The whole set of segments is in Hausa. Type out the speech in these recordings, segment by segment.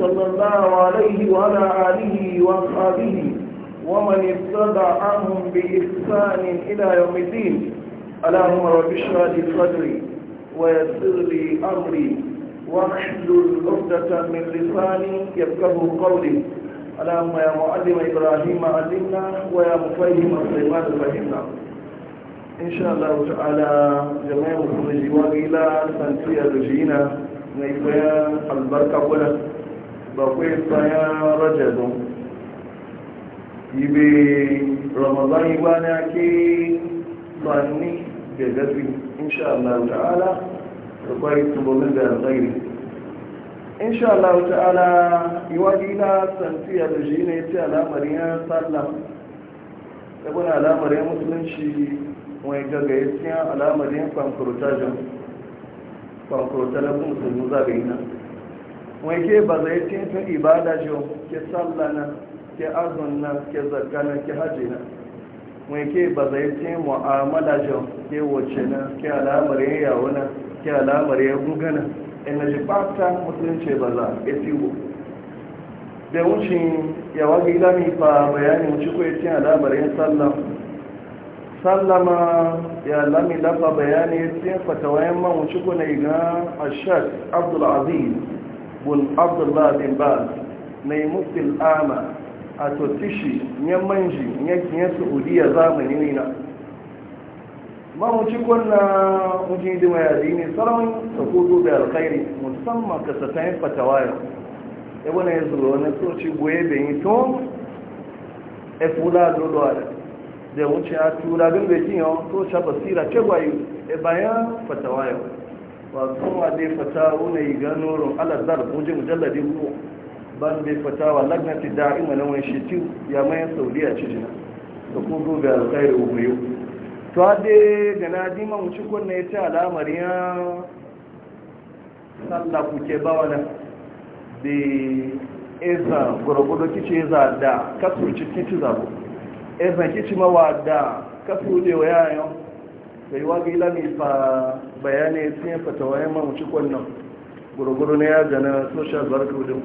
صلى الله عليه وعلى آله وصحبه ومن عنهم بإحسان إلى يوم الدين اللهم رب اشرح لي صدري ويسر لي أمري واحلل عقدة من لساني يفقه قولي اللهم يا معلم إبراهيم علمنا ويا مفهم سليمان فهمنا إن شاء الله تعالى جميع مخرجي وإلى سنتي رجينا نيفيا البركة ولد bakwai tsaya rajabin ibe ramadan ibana ke banni da gafi insha Allah ta'ala da kwari tubomin da tsairi insha Allah ta'ala iwaji na santiya da shi ne ta alamarin ya sallam da kuna alamarin musulunci wani gaga ya cikin alamarin kwankurtajin kwankurtajin musulun zaɓe na wake ba zai tinta ibada jo ke sallana ke azunna ke na ke hajjina wake ba zai tin mu'amala jo ke wace na ke alamar yawo na ke alamar ya gugana ina ji fata musulunci ba za a tiwo da wucin yawa gida mi fa bayani wuce ko ya tin alamar yin sallam sallama ya lami dafa bayani ya tin fatawayen man wuce ko na iga ashad abdulaziz bun abdullah bin baz mai muftil ama a totishi ya manji ya kiyar saudiya zamani nina ci kwanna ujin dima ya ne sarawin sakudu da alkhairi musamman yin fatawayo ya wani ya zuwa wani soci goye da yi to ya fula dodo da da wuce a tura bin yawon tsoci soci basira cewa yi bayan fatawayo wato ma dai fata yi gano ron alazar wajen mujalladin ruwa ban dai fata wa lagnati da'ima na wani shetiu ya mayan saudiya a jina da kogo ga alkhairu umayu to ade ga na ma mu ci kunna ya ce alamar ya sallah kuke ba wani da eza gwargwado kici za da kasurci kici zabo eza kici mawa da kasurce wa yayan sai wa gila mai fa bayanai sun yi fatawa yamma mu cikon nan gurguru na ya gana social barka wajen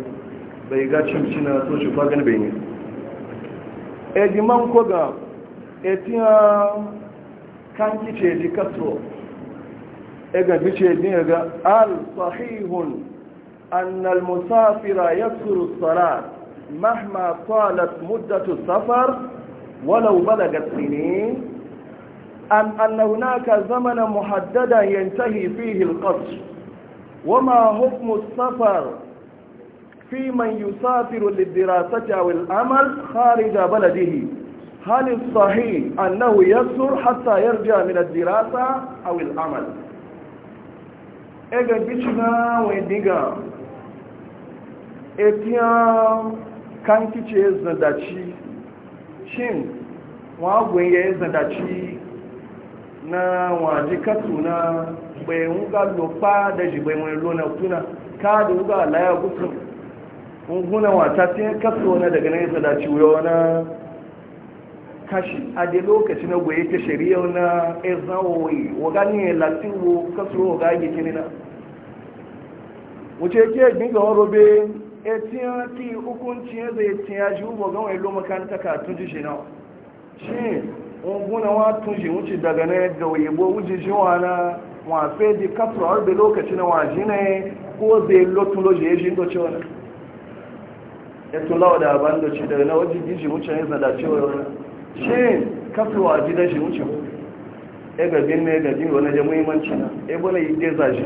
bai ga cimci na social fagen bai ne ediman koga etiya kanki ce ji kaso e bi ce din ga al-sahihun an al-musafira yasuru salat mahma talat muddatu safar walau balagat sinin أن, أن هناك زمنا محددا ينتهي فيه القصر وما حكم السفر في من يسافر للدراسة أو العمل خارج بلده هل الصحيح أنه يسر حتى يرجع من الدراسة أو العمل إذا بيشنا ويدقى إتيان كانت تشيز نداتي شين وعبوين يزنداتي na waje katsu na bai wuga lopa da shi bai mai tuna ka da laya gusun unguna wata sai katsu na daga nan ya da ciwo na kashi a lokaci na goye ta shari'a na ezawoyi waga ne latiwo katsu waga ake kini na wuce ke ginga warobe etiyan ti hukunci ya zai tiya gan ka guna wa tun shi wuce daga ne ga wayebo wuce shi wana wa fe di kafra har da lokaci na waji ne ko zai lotun loje ya shi ndo ce wani ya tun lawa da ban da ci daga na waje ji shi wuce ne zada ce wani shi kafra waji da shi wuce e ga bin ne ga bin wani da muhimmanci na e bala yi geza shi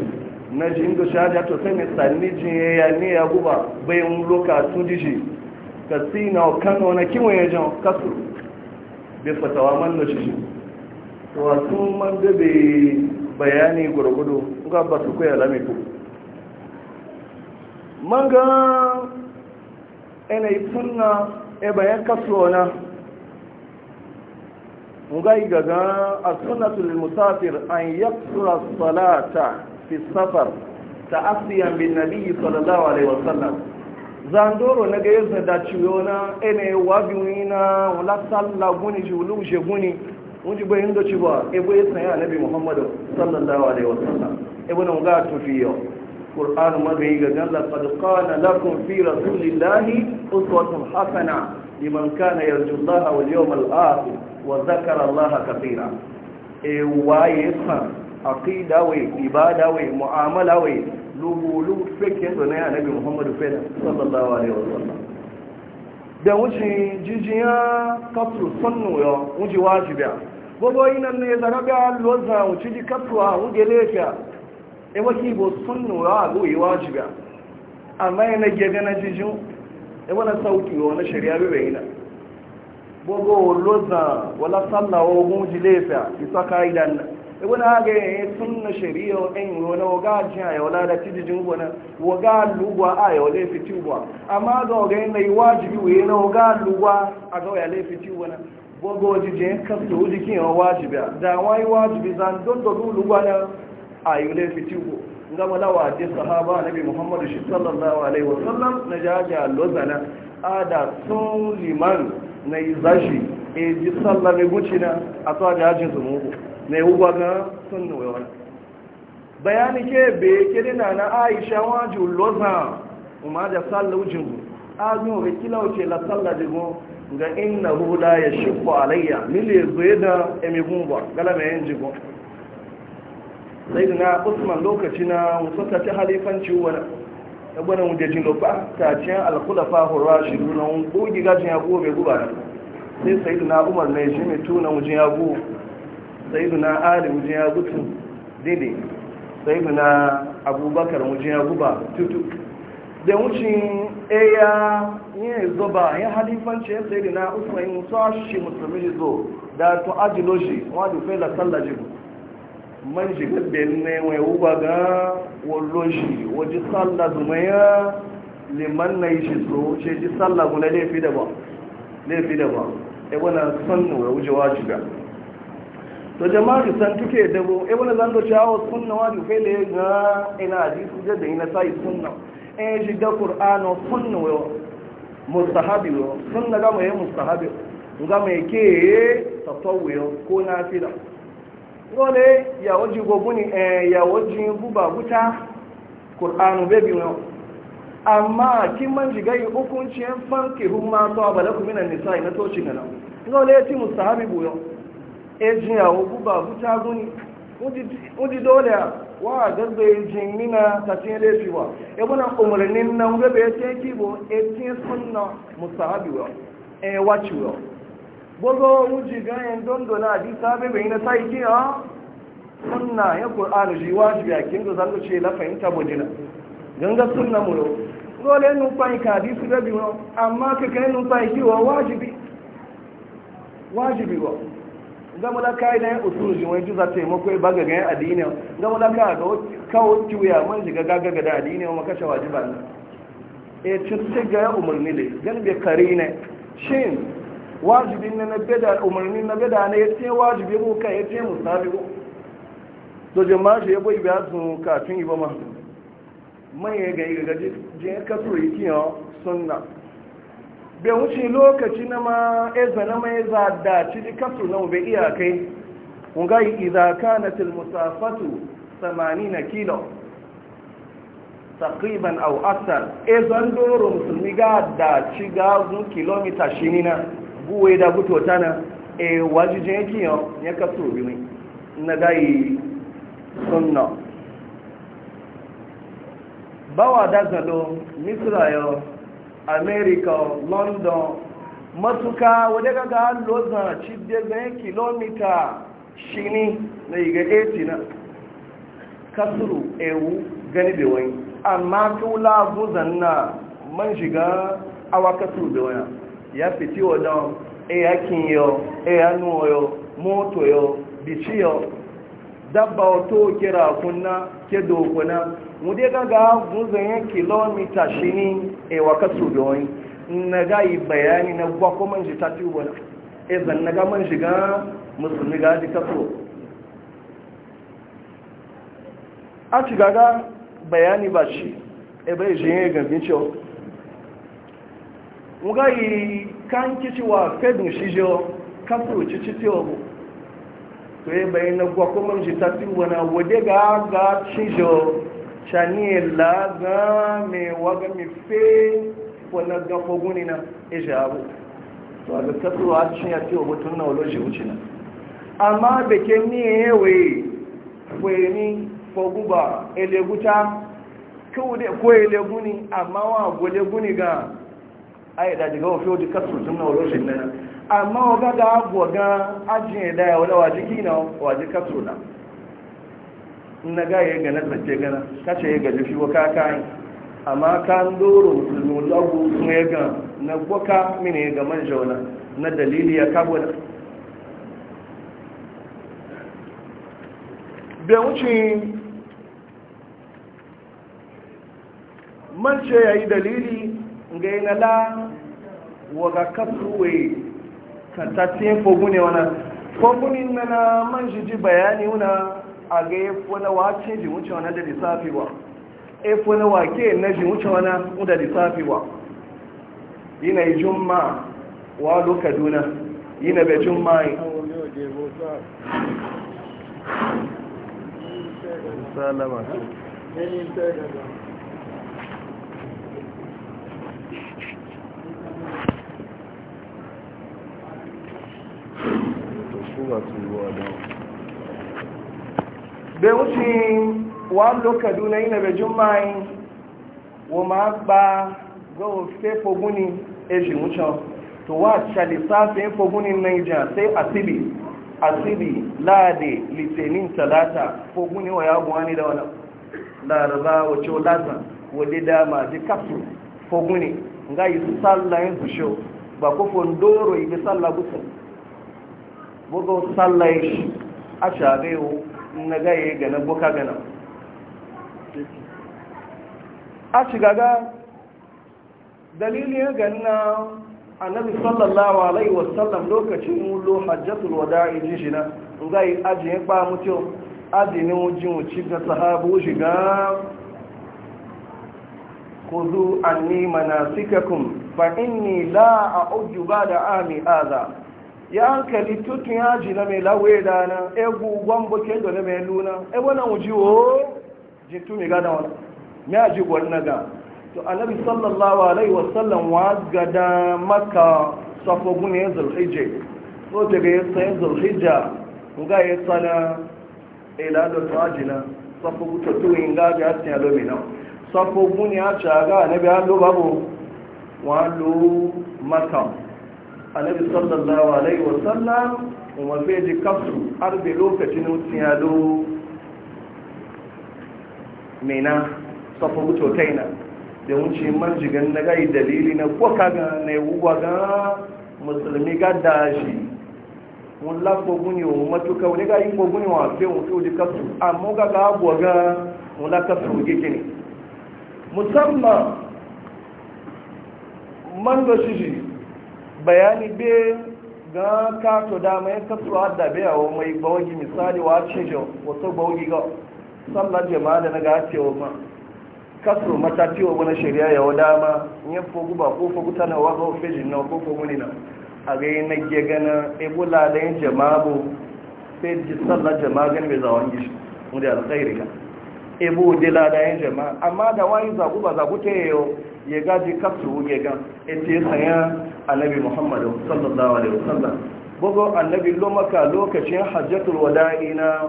na ji ndo shi haja to sai mai sanni jin ya ne ya guba bayan loka tun ji shi ka sina kano na kiwon ya jan kafra bai fatawa man na shi wasu man da bayani gwargwado ga ba su koya lami ko man ga yanayi suna e bayan kasuwa na ngai gaga a sunatul musafir an yaksura salata fi safar ta asiyan bin nabi sallallahu alaihi wasallam zandoro na ga yadda da ciwo na ene wabi wina wala salla guni ji wulu je guni wuji bai hindo ci ba e bai tsaya annabi muhammadu sallallahu alaihi wasallam e bana ga tufiyo qur'an ma bai ga galla qad qala lakum fi rasulillahi uswatun hasana liman kana yarju allaha wal yawmal akhir wa dhakara allaha katira e waye san aqida wai ibada wai mu'amala wai lugulu fake zo na ya nabi muhammadu fena sallallahu alaihi wasallam da wuce jijiya kaftu sannu ya wuce wajibiya gbogbo inan ne zarabe alwaza wuce ji kaftu a wuge lefiya e waki bo sannu ya abu yi wajibiya amma yana gege na jijin e wani sauki wa wani shari'a bebe ina gbogbo loza wala sallawa wuce lefiya isa ka'idan nan ibn na ya sunna shari'a en wona waga jiya ya wala da tijin wona waga lugwa a ya fiti wa amma ga ga mai wajibi na waga lugwa a ga ya le fiti wajibi zan lugwa na a yi le fiti go ngama lawa je sahaba nabi muhammadu sallallahu alaihi wasallam na jaja lozana ada sun liman na yi e ji gucina a tsawa da na yi ga sun wani bayani ke be kiri na na aisha waju loza umar da sallu jingu azu ga kila wuce la salla jingu ga inna hula ya shifo alayya mili zuwa da emigun ba galama yin jingu sai da na usman lokaci na musata ta halifanci wani ɗagbana wujejin lopa ta ciyar alkulafa hura shi nuna wun gogi gajin ya gobe guba sai sai da na umar na ya shi mai tuna wujin ya gobe sayyiduna ali mujin ya gutu dede sayyiduna abubakar mujin ya guba tutu da wucin eya yin zoba ya halifanci ya sayyiduna usman shi musulmi zo da to ajiloshi shi wadu fela tsallaji man shi gabbin ne mai wuba ga wallo waje tsalla zuma ya liman na yi shi so ce ji tsalla guna laifi da ba laifi da ba ebe na sannu ya wuce wajiga to jama'a san tuke dabo e eh, wala zan do chawo sunna wa du fele ga ina ji su da ina sai sunna e eh, ji da qur'an wa sunna wa mustahabi wa sunna ga mai mustahabi ga mai ke tatawwi ko nafila dole ya waji gobuni e eh, ya waji guba guta qur'an be bi wa amma kin man ji gai hukuncin fanki humma to abalakum minan nisa ina to shi kana dole ya ti mustahabi buyo ejin awo guba buta guni uji dole wa garba ejin nina ta cin laifi ba ya buna umarnin nan gaba ya ce kibo ejin sunna musahabi wa e wachi wa bogo uji ganyen dondona di sabe bai na sai ki ha sunna ya kur'anu ji wajibi a kin zan ce la fahimta bodina ganga sunna mu dole nun fa'i ka di su da biyo amma ka kai nun fa'i ki wa wajibi wajibi wa gama da kai na usulu jin wani jiza taimako ba ga ganin addini gama da ka ga kawo kiwuya man shiga gaga ga da addini wa makashe wajiba ne e cikin ga umarni ne gan bai kare ne shin wajibin na nabeda umarni na beda ne ce wajibi ko kai ya musabi ko to jama'a shi ya bai biya sun kafin ba ma mai ga ga ji ka turu yiki sunna bai wuce lokaci na ma eza na mai za da ciji kasu na bai iya kai yi izaka na tilmusafatu 80 kilo takriban au asar ezan doro musulmi ga da ci gazun kilomita shi na buwe da gutota na e wajijin yake yau ya kasu rumi na gayi sunna bawa dazalo zalo misra yau america london matuka wadda ga ga lozan cibiyar kilomita shini na iga 80 na kasuru ewu gani da wani amma tula guzan na man shiga awa kasuru da wani ya fiti wadon eyakin yau eyanu yau moto yau bici yau dabba wato kira kuna ke dokuna mude gaga guzanyen kilomita shi ne ewa kasu doyi na ga yi bayani na gwa ko man jita tubo na ezan shiga musulmi ga ji kaso a ci gaga bayani ba shi ebe shi yin gambin ciwo muga yi kan kici wa fedin shi jiyo cici tiyo to yi bayan na gwa ko man jita wade ga ga cin chanie laga me waga mi fe wala ga foguni na ejabu to a ga a cin ya wa mutum e na walo shi wuce na amma da ni yewe kweni foguba eleguta ko eleguni amma wa gole ga ai da diga ofe oji kasu tun na walo shi amma waga da agwaga ajin ya e daya wala jiki na waji kasu na na ga ya ga nazarce gana kashe ya ga jufi waka kai amma kan doro musulmi lagu sun ya ga na gwaka mini ga man jauna na dalili ya kabo da bai wuce man ce ya yi dalili ga yi nala wa ga kasuwe ka tafiye fogune wana fogunin na na man jiji bayani wuna a ga ya fona wace ji wuce wani da lissafi ba ya fona wake na ji wuce wani da lissafi ba yana yi jumma wa kaduna yana bai jumma yi Thank you. bẹ ń fi wà ló kàdúnà ilẹ̀ bẹ̀jú máa ń ma máa gba gọ́ọ̀ fẹ́ fogún ní èjì ń sọ tó wà ṣàlìsá fẹ́ fogún ní naija sai asibi asibi láàdè litinin talata fogún ní wàyà buwa ní da wani laraba wacce lasa wadda dama ji kapsu fogún ní nga yi sallayin su shi ba kofin doro yi sallah gusa bugun sallayin a shabewo na gaye ga na boka gana a shiga ga dalilin ganna annabi sallallahu alaihi wasallam lokacin mulo hajjatul wada'i jin shi na ngai ajiye ba mutum adinin wuji wuci ga sahabu shiga kuzu anni manasikakum fa inni la a'udju ba'da ami adha ya kali tutun ya ji na mai lawe da na egwu gwambo kendo na mai luna e wana uji o jitu mi gada wala ya ji gwanna ga to annabi sallallahu alaihi wasallam wa gada maka safo gune zulhijja so te ga yasa zulhijja nga yasa na ila da tajina safo gutu to inga bi a alo mi na safo gune a chaga annabi allo babu wa lo maka annabi sallallahu alaihi wasallam kuma bai ji kafsu har da lokacin wucin yado mena safa wuto taina da wuce manjigan na gai dalili na ko kaga na yiwuwa ga musulmi ga dashi wọn lafo guni wọn matuka wani ga yi gbogbo wa fi wọn fi wuce kafsu amma ga ga abuwa ga wọn la kafsu wuce gini musamman man da shi bayani be ga kato dama ya kasu be a mai bawagi misali wa ce jau wato bawagi ga sallar jama'a da na ga ce ma kasu ce wa wani shari'a ya wa dama ya fogu ba ko fogu na wa ga fejin na ko fogu ne na a ga yi na gegana ebola da yin jama'a bu sai ji sallar jama'a gani mai zawon gishi mu da alkhairi ga ebo dela da yin jama'a amma da wani zagu ba zagu ta yau. ya gaji kafsu wuge gan ita ya sanya annabi muhammadu sallallahu alaihi wasallam bugu annabi lomaka lokacin hajjatul wada'i na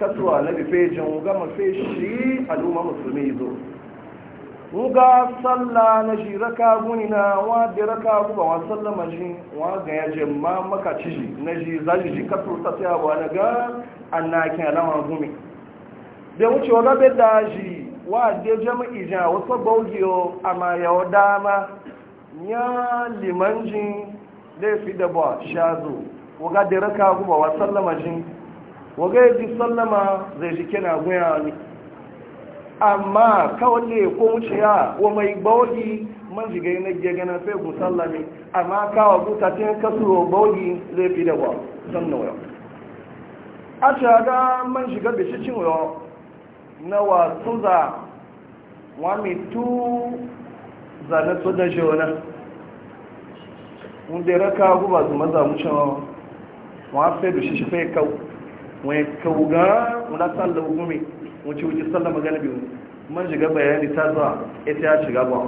kasu annabi fejin gama fe shi al'umma musulmi zo wuga salla na shi raka guni na wa da raka guba wa sallama shi wa ga ya je ma maka ci shi na shi za shi shi kasu ta wa na ga annakin alama gumi da wucewa gabe da shi wa de jama'i ja wasu baugiyo a mayawa dama ya limanjin laifi da ba shazo waga da raka guba wa sallama jin waga ya ji sallama zai ji kina guya ne amma kawai ne ko wuciya wa mai baugi man shiga yi na gegana sai sallami sallame amma kawo guta ta kasuro baugi laifi da ba sannan yau a shaga man shiga da yau na wasu za wa mitu zane su da jona wanda raka guba su maza mu cewa wa sai da shi shi fai kau wani kauga wani sallar gumi wuce wuce sallar magana biyu man shiga bayani ta zuwa ita ya shiga ba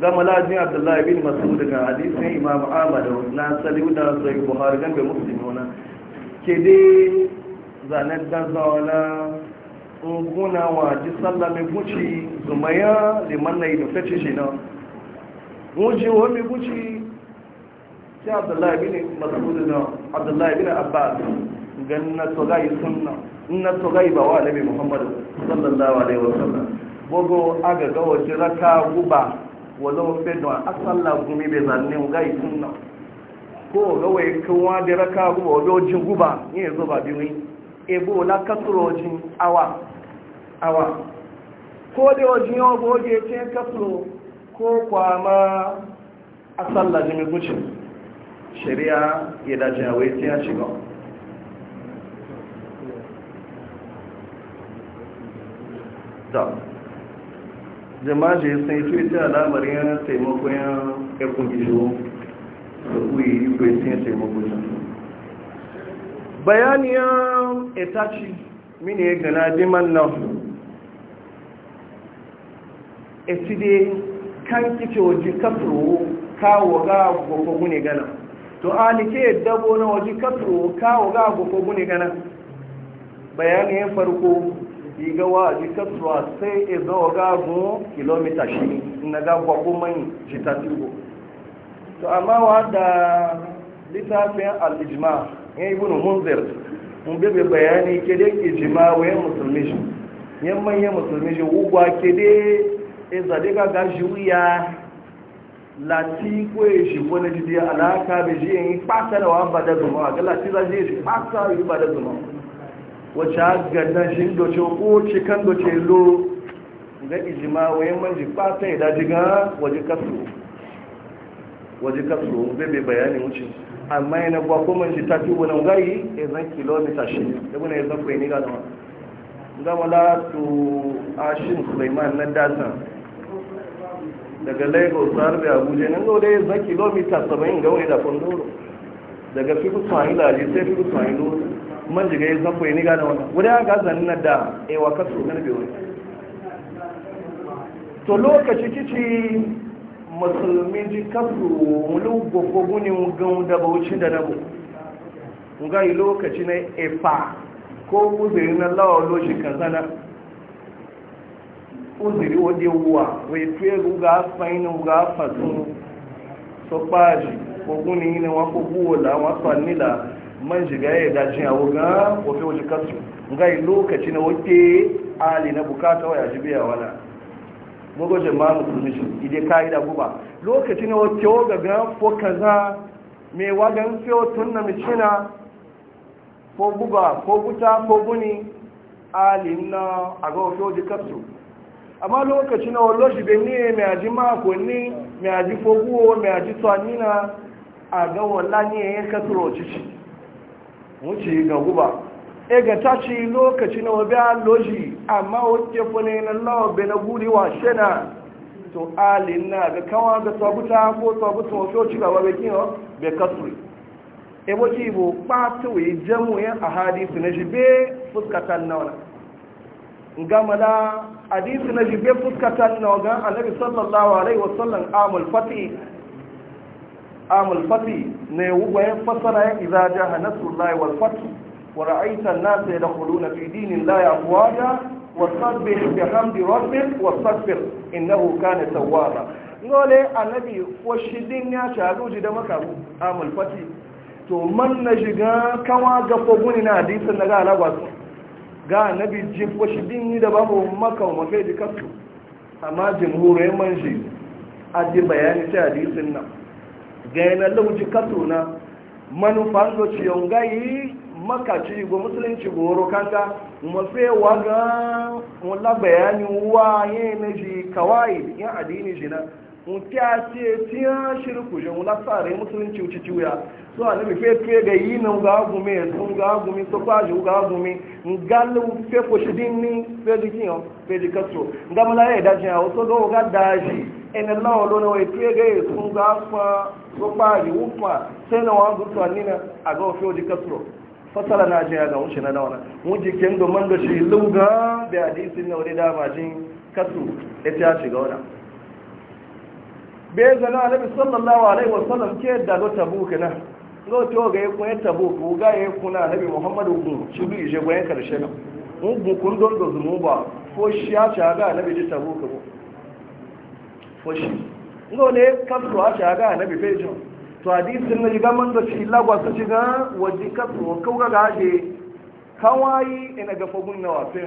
gama lajin abdullahi bin masu daga hadisun imam amadu na saliu da zai buhari gan bai musulmi wana ke dai zanen dan zaunan nguna wa ji sallah mai guci zumaya liman na ido fece shi nan guji wa mai guci sai abdullahi bin mas'ud na abdullahi bin abbas ganna to gai sunna inna to gai ba wa nabi muhammad sallallahu alaihi wasallam bogo aga ga wace raka guba walau fe don asalla gumi be zanne gai sunna ko ga wai kanwa da raka guba wajen guba ne zo ba biyu ebo la kasuro awa awa ko da wajen yawon goge ce kaflo ko kwama a tsallaji mai guci shari'a ya daji a wai ya shiga da jama'a sai fi ta alamar yana taimakon ya kungiyo da kuyi yi kwaitin taimakon bayaniyan itaci mini ya gana diman nan etide kan kice waje kafiro kawo ga gogo gune gana to alike dabo na waje kafiro kawo ga gogo gune gana bayanin farko yi ga waje kafiro sai e zo ga go kilomita shi na ga gogo man shi ta tugo to amma wada littafin al-ijma ya ibn munzir mun bebe bayani ke da ijma wa musulmi shi yan manyan musulmi shi ugwa ke dai ezadega ga juya lati ko e shi wani jidi alaka be ji yin pata da wa da zuma ga lati za ji shi pata yi ba da zuma wacce ga na shi do ce ko ce kan do ce lo ga ijima wayan man ji pata ya daji ga waje kasu waje kasu be be bayani wuce amma yana gwa ko ji ta ti wani gari e zan kilomita shi da wani ya zan kwaye ni ga zama gama la to ashin suleiman na datan daga lagos har da abuja nan dole ya zan kilomita 70 ga wani da fondoro daga fiku tsohon ilaji sai fiku tsohon ilo man jiga ya zanko ya niga da wani wani aka gaza na da ewa kaso na bai wani to lokaci kici musulmi ji kasu mulugo ko guni gan da bauchi da nabu ngai lokaci na efa ko kuzi na lawa loshi kazana uziri wadda wuwa wai fiye ruga afa ina ruga afa sun so kpaji ogun ni ina wọn kó gúwò la wọn sọ nílà man shiga ya daji a wuga ofe waje kasu lokaci na wake ali na bukata waya ji biya wala mugo jama'a musulmi shi ide kai da lokaci na wake waga ga fo kaza me wagan fiyo tun na micina ko guba ko ali na aga ofe waje amma lokaci na wallo shi bin mai aji makonni mai aji foguwo mai aji tsanina a ga walla ne ya cici wuce ga e ga tashi lokaci na wabi loji amma wuce fune na lawa na guri wa shana to alin na ga kawa ga tsabuta ko tsabuta wasu ci gaba bai kiyo bai kasuri e jamu ya a hadisi na shi bai fuskatan gama da hadisi na jibe fuskatan na wagan annabi sallallahu alaihi wasallam amul fati amul fati ne wugoyen fasara ya iza jaha nasrullahi wal Fati, wa ra'aita an-nasa yadkhuluna fi dinillahi afwaja wasabbih bihamdi rabbik wastaghfir innahu kana tawwaba ngole annabi ko shidin ya sharuji da makabu amul fati to man na shiga kawa ga foguni na hadisin daga alagwasu ga nabi jif wasu dinni da babu makan magai da kaftu amma jamhuriyar manji a ji bayani ta hadisin nan ga yana lauji kasu na manufan da ciyon gayi makaci ga musulunci goro kanga mafewa ga wala bayani wa yi na ji kawai yan adini jina. nke a ce tiya shirku jan wula tsare musulunci wuce ciwuya so a nabi fe tuye ga yi na ga gumi su ga gumi so kwaji ga gumi ngalu fe ko shi din ni fe di kiyo fe di kaso nga mala ya da jin awo so do ga daji en la o lo na we tuye ga yanzu ga fa so kwaji ufa sai na wa gutwa ni na a ga fe di kaso fasala na jin ga wuce na dawana mu ji ken do man do shi luga da hadisin e na wani da jin kaso ya ta shiga wannan bai zana alabi sallallahu alaihi wasallam ke da go tabuk na go to ga yi kun tabuk ga yi kuna alabi muhammadu ku shi bi je gwayen karshe na mun bu kun don do zumu ba ko shi ya ta ga alabi ji ka ko ko shi ngo ne kafro a ta ga alabi fejo to hadisin ne ji gaman da shi lagwa ta shiga wajen kafro ko ga ga je kawai ina ga fagun na wafe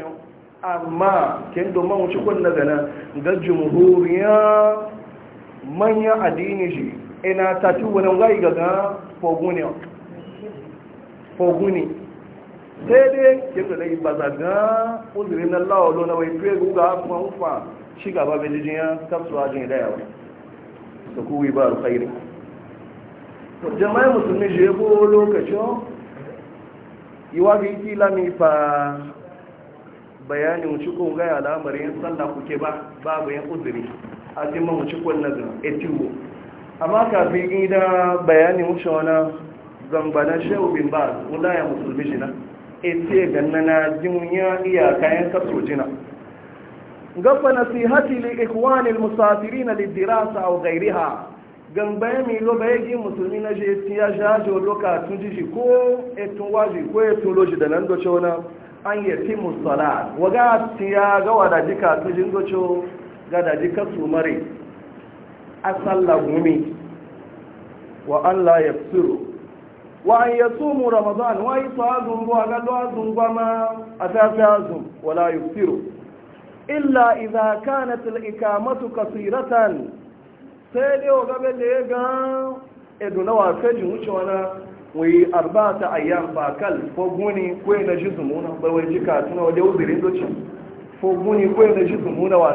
amma kendo do man wuce kun na gana ga jumhuriya manyan addini shi ina tatu wani wai gaga foguni foguni sai dai kinda dai bazaga uzirin na wallo na wai fe guga kuma ufa shi gaba bai jijin ya kasuwa jini da yawa da kuwi ba alkhairi to musulmi musulmi ya kowo lokacin iwa bi kila mi fa bayanin cikin ko ga al'amarin sallah kuke ba babu yan uzuri hajji mamaci kwanan ga e etiwo amma kafin ina bayanin wuce wani zambana shehu bin ba wulaya musulmi jina etiye gannana jimunya iyaka yan kaso jina gafa nasihati li ikwanil musafirina lidirasa gairi ha gamba mi lo musulmi na je tiya jajo loka tunjiji ko etun waji ko etun loji da nan doce chona an yati musalat waga tiya ga wada jika tujin doce gada ji su mare asalla gumi wa Allah ya tsiro wa an ya sumu ramadan wa yi su azun ruwa ga azun gwama a tafi azun la yi tsiro illa iza kana tilika masu kasiratan sai dai wa gabe da ya ga na wa ji wuce wani wai arbata ayyam ba kal ko guni ko yana ji zumuna bai wai jika tuna wajen uzirin doci ko guni ko yana ji zumuna wa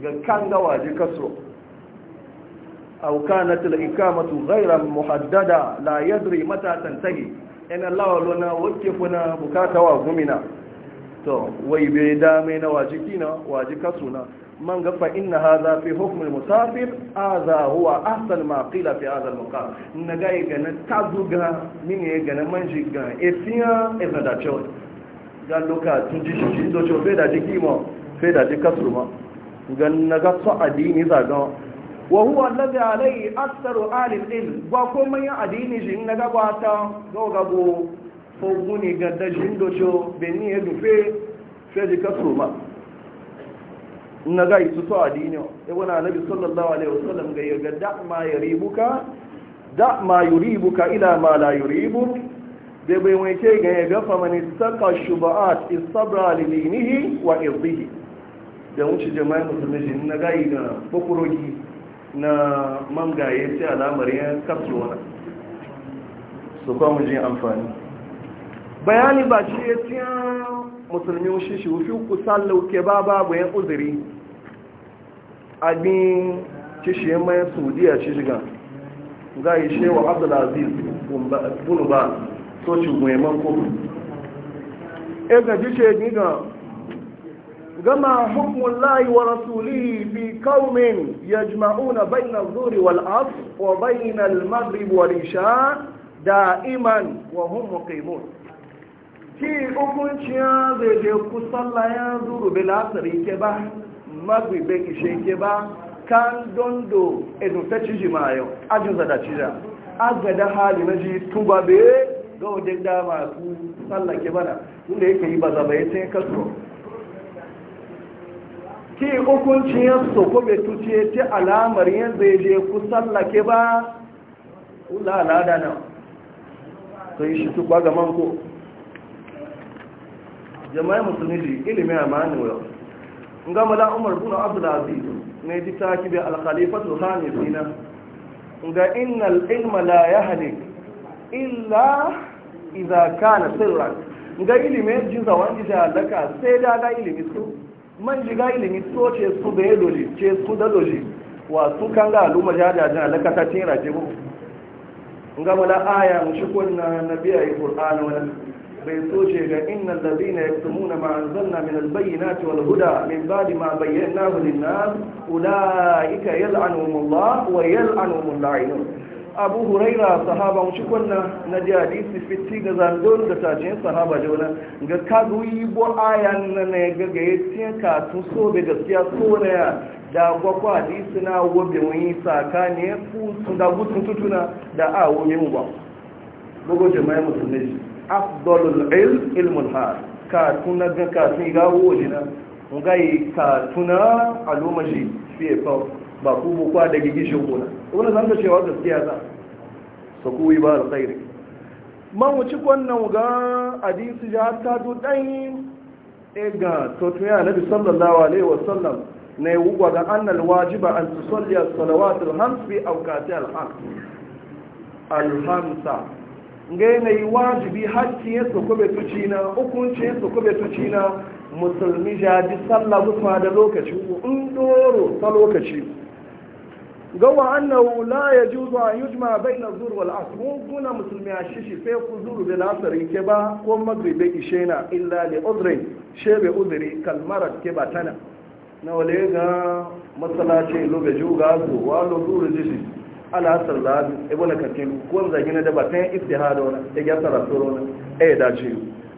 ga kan waje kaso aw kanat al ikamatu ghayra muhaddada la yadri mata tantahi ina Allah lona wake kuna bukata wa gumina to wai bai dame na waje kina waje kaso na man ga fa inna hadha fi hukm al musafir hadha huwa ahsan ma qila fi hadha al maqam ga igana e gana, min igana e manjiga efiya ibn e da chaw ga loka ji shi to chaw fe da ji mo fe da jiki ma gan na ga su addini zaga wa huwa alladhi alayhi aktharu ahli al-ilm wa kuma ya addini jin na gabata, ta go gabo ko guni ga da jin dojo jo benni e dufe fe di kasuma na ga isu to addini e wana annabi sallallahu alaihi wasallam ga ya da ma yaribuka da ma yuribuka ila ma la ribu. da bai wake ga ya gafa man istaka shubahat istabra lilinihi wa irdihi da wuce jama'a musulmi shi na gayi ga bukuroki na mangaye sai alamar yan kasuwa na su kwamu jin amfani bayani ba shi ya tiya musulmi shi shi wufi kusan lauke ba ba yan uzuri abin kishi yan mayan saudiya shi shiga gayi shewa abdulaziz bunu ba so shi guheman kuma e ga gama hukmun layi wa rasuli fi kaumin ya jima'una bainar zuri wal'af wa bainar maghrib wa risha da iman wa hun muqimun ki hukunciyar zai je kusan layan zuru bilasari ke ba magribe ishe ke ba kan dondo edutacci jimayo ajin zadaciya agada hali na ji tuba be ga wajen dama su tsallake bana inda yake yi ba zaba ya sai kasko ki hukuncin ya ko bai tuce ta alamar yin zai je ku sallake ba Wula alada nan sai shi tukwa ga manko jama'i musulmi ji ilimin amani wa gama mala umar bin abdul ne ji ta kibe al khalifatu zina ga innal ilma la yahlik illa izaka na sirra ga ilimin jinza wanda da alaka sai da ga ilimin su man jiga ilimi so ce su da ya doji ce su da doji wa su kan ga al'umma jajajen alakata cin raje ko ga mana aya mu shi ko na nabi ayi qur'ani wala bai so ce ga inna alladhina yaktumuna ma anzalna min albayyinati wal huda min ba'di ma bayyana lin-nas ulaika yal'anuhumullah wa yal'anuhumul la'inun abu huraira sahaba mu cikwanna na ji hadisi fiti ga zandon da tajiyar sahaba jona ga kazu yi bo ayan na na ga ga ka tun so bai gaskiya so na ya da gwakwa hadisi na wabe wani saka ne fusun da gutun tutuna da a wani mu ba bugu jama'a musulmi afdolul il ilmul ha ka tuna ga katun ga wani na ngai katuna alomashi fiye kawai ba ku bu kwa daga gishin kuna wani zan da cewa gaskiya za su ku yi ba da tsairi man wuci wannan ga hadisi ya ta du dan e ga to to ya nabi sallallahu alaihi wasallam ne wuwa ga annal wajiba an tusalli as-salawat al-khams fi awqati al-khams al-khamsa ngai yi wajibi hacci ya su kube tucina hukunci ya su kube na musulmi jadi sallah musa da lokaci in doro ta lokaci gawa annahu la yajuzu an yujma bayna zuhr wal asr mun kuna musulmi a shishi sai ku zuru bil asr ke ba ko magribe ishena illa li udri shebe udri kal marad ke ba tana na wale ga masallaci lobe juga su wa lo zuru jishi ala asr la bi ibn kakin ko gina da batan iftihado na da ya tsara na da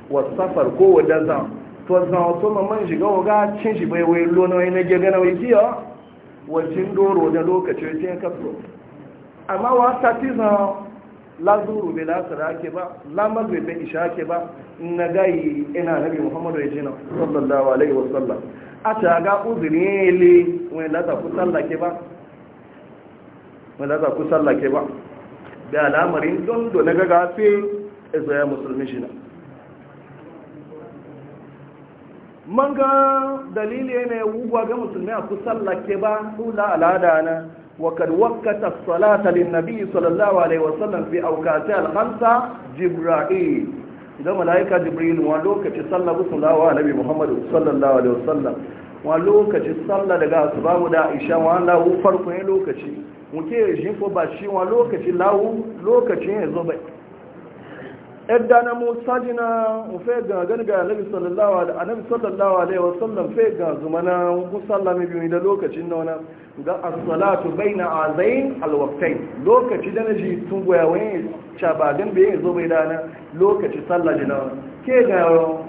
wa safar ko wadan zan to zan to man ga cin bai wajen doro da lokaci wajen kafin amma wata tiza lazuru bai lasara ake ba lamar bai bai isha ake ba na gayi ina nabi muhammadu ya jina sallallahu alaihi wasallam a ta ga uzuri ne wani lata ku sallake ba wani lata ku sallake ba da alamarin don na gaga fi izaya musulmi shi na man ga dalili ne wugwa ga musulmi a ku sallake ba sula al'ada na wakad wakata salata lin nabi sallallahu alaihi wasallam fi awqati al khamsa jibril Idan malaika jibril wa lokaci sallah sallallahu alaihi muhammad sallallahu alaihi wasallam wa lokaci sallah daga mu da aisha wa farko ne lokaci muke jin ko ba shi wa lokaci lawo lokacin ya zo bai yadda na musa jina fe ga ganga sallallahu alaihi annabi sallallahu alaihi wasallam fe ga zumana na sallame biyu da lokacin na ga asalatu bai baina azain al lokaci da naji tun goya wani chabagan bai zo bai dana lokaci sallah jina ke ga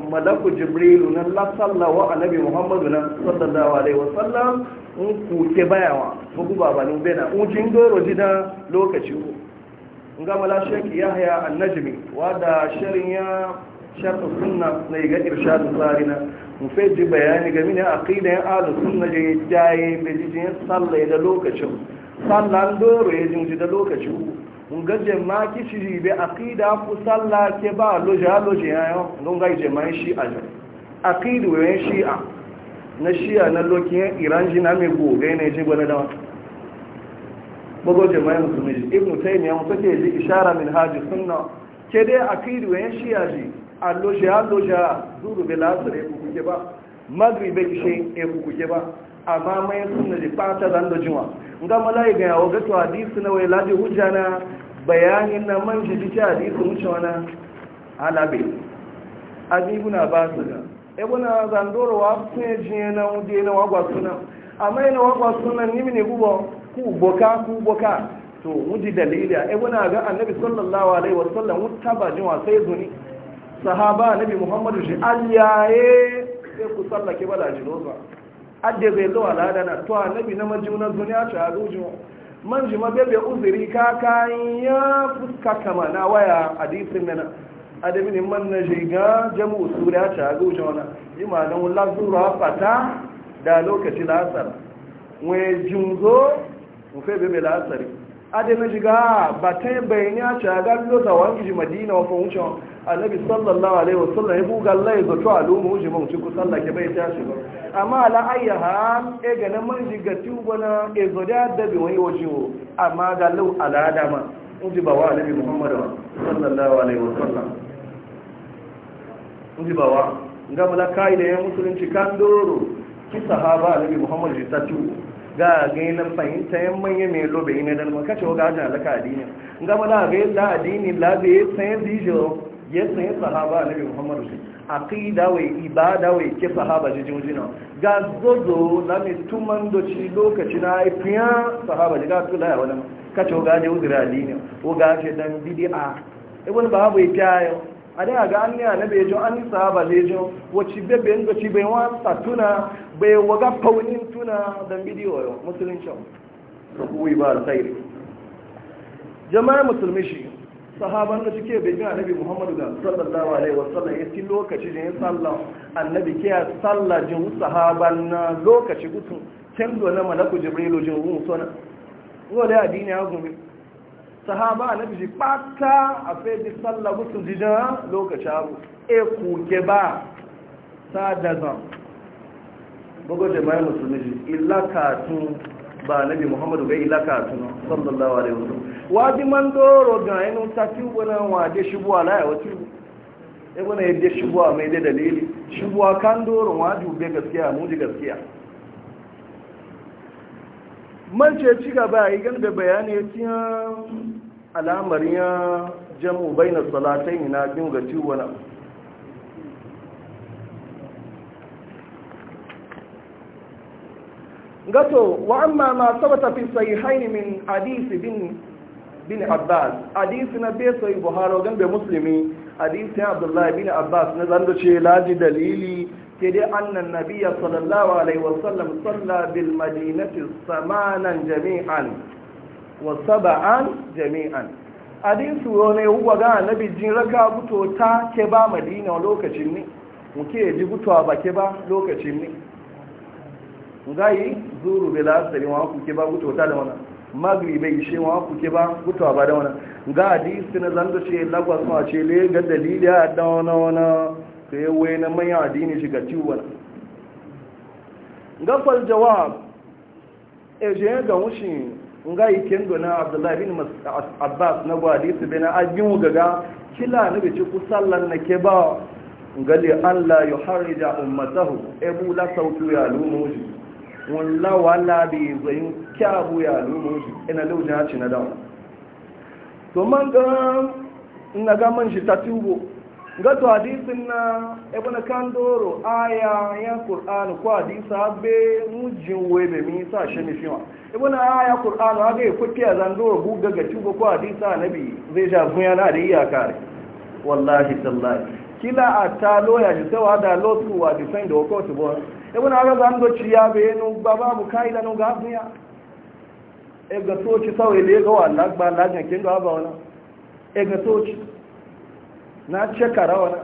malaku jibrilu na la sallawa muhammadu na sallallahu alaihi ujin jina lokaci uku mala shek yahya annajmi wada shirin ya sharh sunna na ga irshad tsarina mu feji bayani ga mini aqida ya ahlu sunna je jaye bejin sallah da lokacin sallan doro ya jinji da lokacin mun ga ma kici be aqida ku sallah ke ba loja loja yayo don ga jama'a shi a aqidu shi shi'a na shi'a na lokin iran jina me gobe ne je bana da bugo jama'i musulmi ibn taymiya mu take ji ishara min haji sunna ke dai akidu yan shiya ji allo shi a ja zuru bil asr e ku ke ba maghrib e shi e ku ke ba amma mai sunna ji fata dan da juma ga malai ga yawo ga to hadisi na wai laji hujjana bayanin na man ji ji hadisi mu cewa alabe azibuna basu da ebuna zandoro wa sun je na wuje na wagwa suna amma ina wagwa suna ni ne gubo ku boka ku boka to muji dalili ai eh, muna ga annabi sallallahu alaihi wasallam mutaba jiwa sai zuni sahaba annabi muhammadu shi alyaye eh, sai ku sallake bala jiroza adde bai zo alada na to annabi na majuna duniya ta azuju man ji bebe uzuri ka kan ya fuska kama na waya hadisin nan adami man na jiga jamu sura ta azuju wana imanan lazura fata da lokaci lasar wai jungo mufe bebe la'asari ade na shiga ah, ba ta yi bayani a ci a gano da wani ji madina wa fahimci annabi sallallahu alaihi wa sallam ya buga Allah ya zato al'umma wuce ba mutu kusan lake bai ta shi ba amma ala ayya ha e ga nan man shiga tuba na e zoda da bi wani waje amma ga lau al'ada ma in ji ba wa annabi muhammadu sallallahu alaihi wa sallam in ji ba wa ga mulaka da ya musulunci kan doro ha sahaba alibi muhammad ya tatu ga ga fahimta yan manya mai lobe ina dan maka ce ga ta laka adini ga mana ga da adini la be sai dijo ya sai sahaba alibi muhammad aqida wai ibada wai ke sahaba jijojina ga zozo na mi tuman do ci lokaci na ifiya sahaba ga tula ya wannan kace ga je uzira addini o ga ce dan bid'a e ibn babu ya tayo A ga ade aga anni anabi ejo anni ba lejo wachi bebe ndo chi bai wasa tuna bai waga paunin tuna don bidiyo yo musulmin shaw so kuwi ba alkhairi jama'a musulmi shi sahaban da suke bai ga annabi muhammadu ga sallallahu alaihi wasallam ya ci lokaci da ya sallah annabi ke ya sallah jin sahaban na lokaci gutun kendo na malaku jibrilu jin wun sona wala adini ya gumi sahaba annabi ji ɓata a feji sallah musu jina lokaci abu e kuke ba ta da zan bugu jama'i musulmi ji ilakatu ba nabi muhammadu ga ilakatu na sallallahu alaihi wasallam waji man doro ga yanu ta fi wani waje shubuwa ala ya wata e ya wani yadda shubuwa mai da dalili shubuwa kan doro waji ube gaskiya mu ji gaskiya man ce ci gaba yi gan da bayani ya al'amar ya jamu bai na salatai na biyu ga ciwona gato wa amma ma sabata fi sahihaini min hadisi bin bin abbas hadisi na bai sai buhari gan da musulmi hadisi abdullahi bin abbas na zanda ce laji dalili sai dai annan nabiya sallallahu alaihi wasallam salla bil madinati samanan jami'an wa saba'an jami'an hadisi ne huwa ga annabi jin raka buto ta ke ba madina lokacin ne muke ji butuwa ba ke ba lokacin ne ngai zuru bil asri wa ku ke ba buto ta da wannan magribai ishe wa ku ke ba butuwa ba da wannan ga hadisi na zanda ce lagwas ma ce ga dalili a da wannan to ya waye na manyan addini shiga ciwon gafal jawab eje ga wushi nga ikin na abdullahi bin abbas na gwadi su bina abin gaga kila ni bi ci kusallan na ke ba ngali an la yuharrija ummatahu ebu la sautu ya lumuji wala wala bi zayin kyabu ya shi ina e launa ci na dawo to man ga na ga man shi ta tubo gato hadisin na ibn kandoro aya ya qur'an ko hadisa be mujin we be mi sa shi mi fiwa ibn aya qur'an ha ga kuke zandoro bu daga tugo ko hadisa nabi zai da buya na da iyaka ne wallahi tallahi kila atalo ya ji tawa da lotu wa defend da ko to bon ibn aya zando ciya be no baba bu kai da no ga buya e ga to ci sawe le ga wallahi ba la ga kin ga ba wala e ga to ci na shekara wani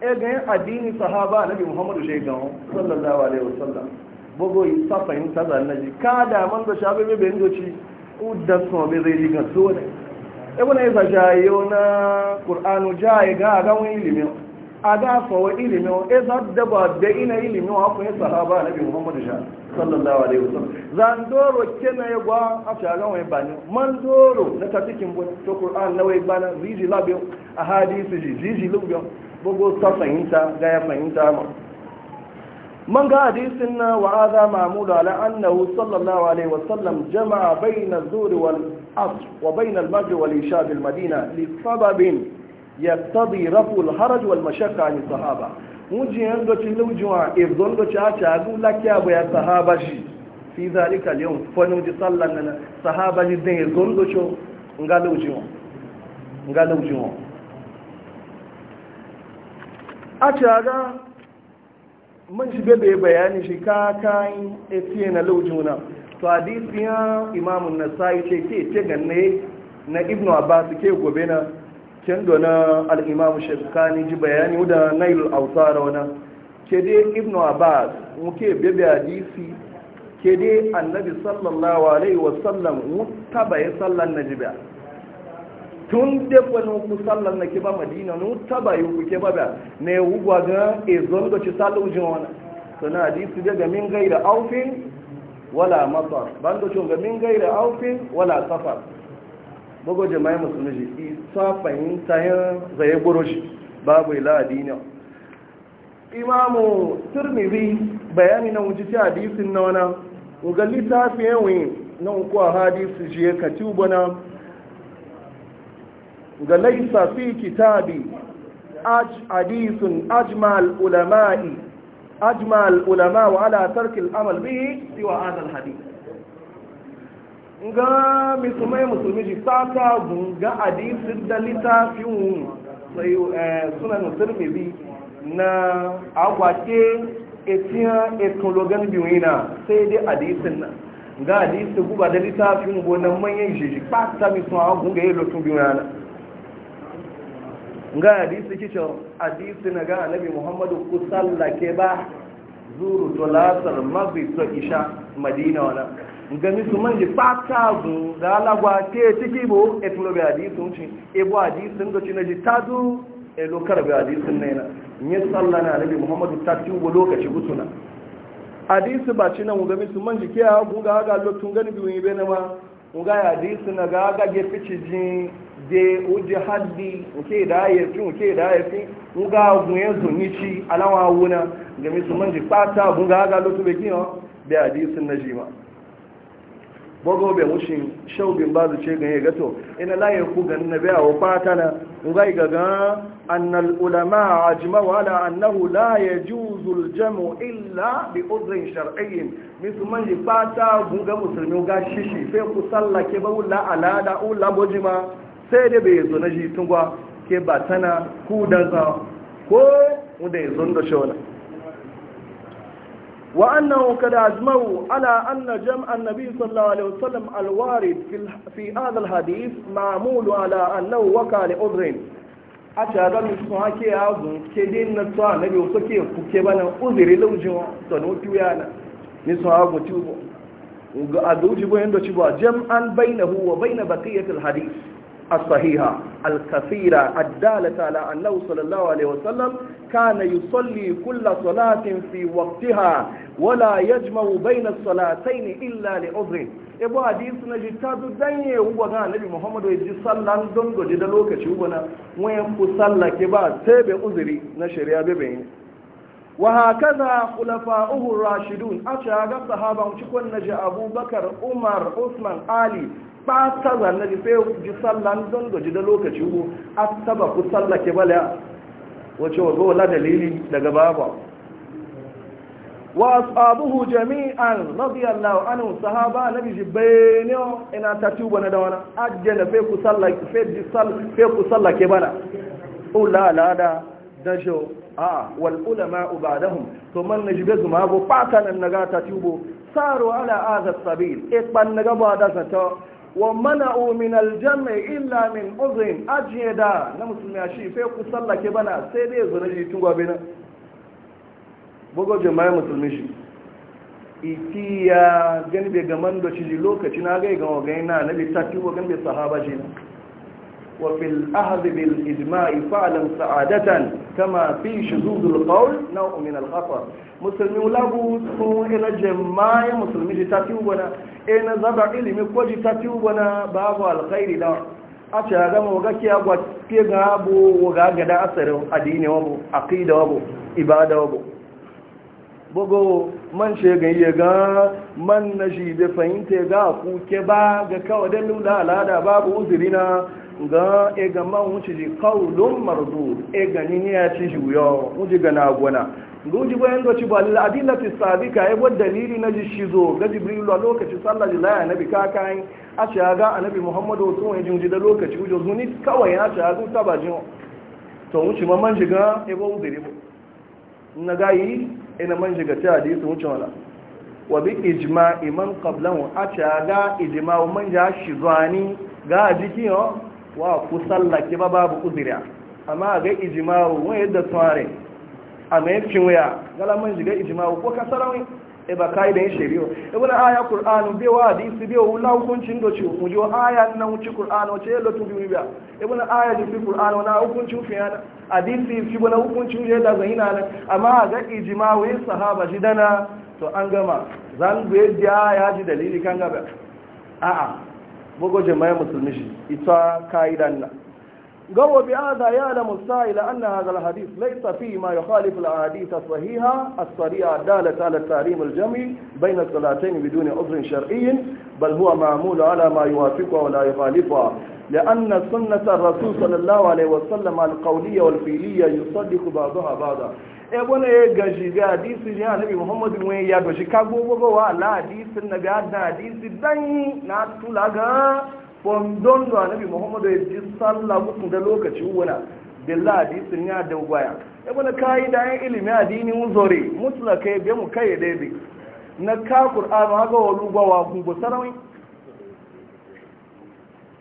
e ganyen addini sahaba nabi muhammadu shaidan sallallahu alaihi wasallam bugu yi sa fahimta da annabi ka da man da shabe bebe yin doci udda su bai zai riga so ne e bana yasa jayo na qur'anu jaye ga ga wani ilimin a ga fawa ilimin e za da ba da ina ilimin wa ko sahaba nabi muhammadu shaidan sallallahu alaihi wasallam zan doro kena ya gwa a shagan wai bani man doro na ta cikin to qur'an na wai bana riji labio a hadisi ji riji labio bogo ta fahimta ga ya fahimta ma man ga hadisin na wa hadha ma'mud ala annahu sallallahu alaihi wasallam jama'a bayna az-zuhr wal asr wa bayna al-maghrib wal isha bil madina li sababin yaqtadi rafu al-haraj wal mashaqqa li sahaba mujiyan docin lujuwa irzon doci a ci lakiya ba ya sahaba shi fi zalika yau fani ji sallan nan sahaba ji din irzon doci nga lujuwa nga lujuwa a ci aga man shi bebe e bayani shi ka kayan etiye na lujuwa to hadisiyan imamun sayi ce ke ce ganne na ibnu abbas ke gobe na kin dona al'imamu shirkani ji bayani da nailul autar wana ke dai ibnu abbas muke bebe hadisi ke dai annabi sallallahu alaihi wasallam mutaba ya sallan na jibiya tun dabba na ku sallan na kiba madina na mutaba ya kuke baba na ya hugwa ga ezon da ci sallan jin wana sana hadisi daga min gaira aufin wala matar ban da cin ga min gaira aufin wala safar bugu jama'i musulmi shi isa fahimta yin zaye goro shi babu ila adini imamu turmizi bayani na wuce ta hadisin na wana ta littafi yawon na uku a hadisi shi ya kaci ubana ga laisa fi kitabi hadisun ajmal ulama'i ajmal ulama wa ala tarkil amal bihi siwa hadal hadisi ga musulmai musulmi ji ta ta ga hadisin da littafin eh, sunan turmizi na agwake etiyan etologan biwina sai dai hadisin nan ga hadisin guba da littafin gonan manyan jiji ba ta misun a gunga yi lotun na ga hadisin kicin na ga annabi muhammadu kusallake ba zuru tolasar mafi to isha madina wana gani su man fata zu da alagwa ke ciki bo etno bi hadisun ci ebo hadisun da ci na ji ta zu e lokar bi hadisun na yana nye tsalla na alabi muhammadu ta ci ubo lokaci gutuna hadisu ba ci na mu gami su man jike ya ga ga lotun gani bi ibe na ma muga ya hadisu na ga aga gefe ci ji de uje haddi nke da ya fi nke da ya fi muga ni ci alawa wuna gami su manje fata ta ga aga lotu bekin bi hadisun na ma. bogo be mushin shaubin bazu ce ganye gato ina layin ku ganin na biya wa fata na ngai gaga annal ulama ajma'u ala annahu la yajuzul jam'u illa bi udrin shar'iyyin misu man yi fata gunga musulmi ga shishi sai ku sallake ba wala da ula bojima sai da bai zo na ji tungwa ke batana ku da za ko mu da zo da shona وأنه قد أجمعوا على أن جمع النبي صلى الله عليه وسلم الوارد في, في هذا الحديث معمول على أنه وقع لأذرين أشهد أن سمعكي أعظم كدين نتوى النبي وسكي فكيبانا أذر لو جمع تنوكي ويانا نسمع أبو تيوبو أدوجي بو يندو جمعا بينه وبين بقية الحديث الصحيحة الكثيرة الدالة على أنه صلى الله عليه وسلم كان يصلي كل صلاة في وقتها ولا يجمع بين الصلاتين إلا لعذر ebo hadis na jita du danye uba na nabi muhammadu ya ji sallan don goji da lokaci uba na wayan ku sallake ba sai uzuri na shari'a bai bayin wa hakaza uhu rashidun a shaga sahaban cikon naji abubakar umar usman ali ba ta zanna ji sai ji sallan don da ji da lokaci ku a taba ku sallake bala wace wa wala dalili daga baba wa asabuhu jami'an radiyallahu anhu sahaba nabi jibaini ina ta tuba na dawana. wani ajjana fe ku sallake fe ji sall fe ku sallake bala ula la da dajo a wal ulama ubadahum to man najibe zuma bo fata nan naga ta tubo saro ala azab sabil e ban naga ba da sato wa mana'u min aljam'i illa min uzrin ajiye da na musulmi a shi fai ku sallake bana sai dai zo na ji tun gwabe na bugo jama'i musulmi shi itiya gani be gaman da shi lokaci na gai ga wagaina na littafi wa gani be sahaba shi وفي الأهض بالإجماع فعلا سعادة كما في شذوذ القول نوع من الخطر مسلمي لابو سوء إلى جماعة مسلمي تتوبنا إن زبع إلمي كوجي تتوبنا باب الخير لا أشياء غم وغاكي أبو كيغا أبو وغاقدا أسر أديني أبو أقيد أبو إبادة أبو bogo man shegan iya ga man na shi bai fahimta ga kuke ba ga kawadan lula al'ada babu uzuri na ga ega man wuce ji kaulun mardu. ega ni ne ya ci juyo wuce ga na gona ga wuce bayan da ci balil adillati sabika ya bod dalili na ji shizo ga jibrilu a lokaci sallah ji laya nabi kakan a ci ga annabi muhammadu sun wani jinji da lokaci wuce zuni kawai ya ci ga ta ba jin to wuce ma man shiga ebo udiri na gayi ina man shiga ta hadisi wuce wala wa bi ijma'i man qablahu a ci ga ijma'u man ja shizani ga jikin wa ku sallake ba babu uzira amma ga ijimawo wani yadda tsare a mai cinwaya galaman shiga ijimawo ko kasarawai e ba kai da yin shari'o e wani aya qur'anu bi wa hadisi bi wa hukuncin da ci mu jo aya nan wuci qur'anu ce lo tu biya e wani aya ji qur'anu na hukuncin fi yana hadisi fi wani hukuncin je da zaina nan amma ga ijma'u yin sahaba jidana dana to an gama zan ga ya ji dalili kan gaba a'a magwajin maya musulmi shi ita ka'ida na gawo bi aza ya da musa ila an na hazar hadis lai tafi ma ya khalif al'adisa sahiha a tsariya dalata da tarihi muljami bai na salatai bi duniya uzurin shari'in bal huwa ma'amula yi wafiwa wa layi khalifa da an na sunnatar rasu sallallahu alaihi wasallam alƙauliya walfiliya yi sadiku ba zuwa ba ebona ya gaji ga hadisi ji annabi muhammadu mai ya gaji ka gogogo wa ala hadisin na ga hadisi dan na tula ga fondon da annabi muhammadu ya ji sallah mutum da lokaci wuna billa hadisin ya dawaya ebona kai da yan ilimi addini uzore mutlaka ya bi mu kai da bi na ka qur'an ha ga walu gwa wa ku go sarawi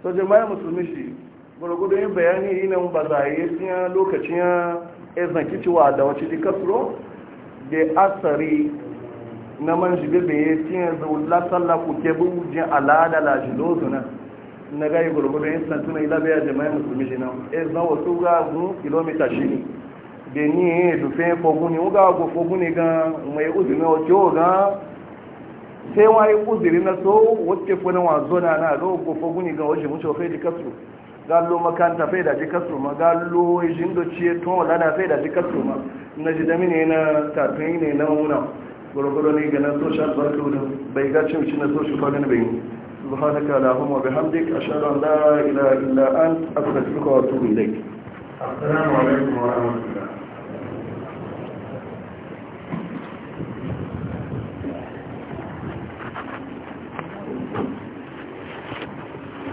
to jama'a musulmi shi gwargwado yin bayani yinan ba za a yi siya lokacin ya ezan kicewa da wace di kasro da asari na man shiga bai yi siya zaula sallah ku ke bujin al'ada lajilo zuna na gayi gwargwado yin santuna ilabiya jama'i musulmi shi nan ezan wasu gagun kilomita shi ne da ni yi dufe foguni wuga ga foguni ga mai uzuri wace ga sai wani uzuri na so wacce kuna wazo na na ga foguni ga wace kai di gallo makanta fai da jika su ma gallo jin da ciye tun wala na fai da jika su ma na ji dami ne na tatun ne na wuna gwargwaro ne ga na social barclo da bai ga cin shi na social fagen bai سبحانك اللهم وبحمدك أشهد أن لا إله إلا أنت أستغفرك وأتوب إليك السلام عليكم ورحمة الله